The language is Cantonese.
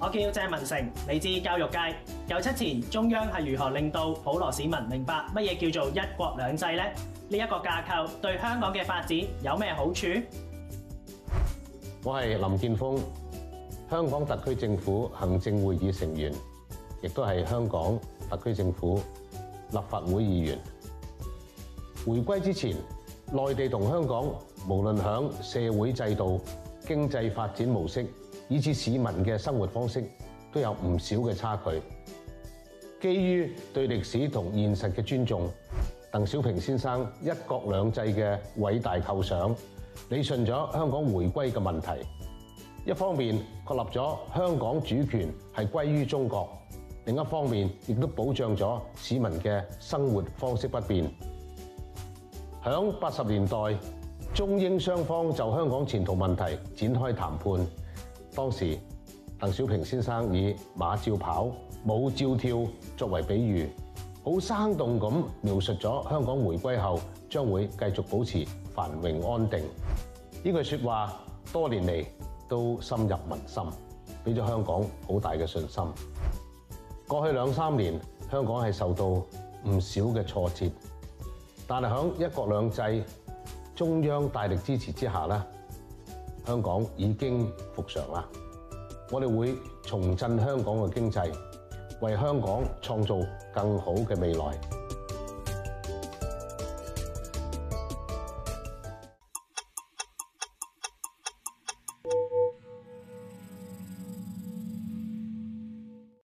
我叫鄭文誠，嚟自教育界，九七前中央係如何令到普羅市民明白乜嘢叫做一國兩制咧？呢、這、一個架構對香港嘅發展有咩好處？我係林健鋒，香港特區政府行政會議成員，亦都係香港特區政府立法會議員。回歸之前，內地同香港無論響社會制度、經濟發展模式。以至市民嘅生活方式都有唔少嘅差距。基於對歷史同現實嘅尊重，鄧小平先生一國兩制嘅偉大構想，理順咗香港回歸嘅問題，一方面確立咗香港主權係歸於中國，另一方面亦都保障咗市民嘅生活方式不變。響八十年代，中英雙方就香港前途問題展開談判。當時鄧小平先生以馬照跑、舞照跳作為比喻，好生動咁描述咗香港回歸後將會繼續保持繁榮安定。呢句説話多年嚟都深入民心，俾咗香港好大嘅信心。過去兩三年香港係受到唔少嘅挫折，但係響一國兩制、中央大力支持之下咧。香港已經復常啦，我哋會重振香港嘅經濟，為香港創造更好嘅未來。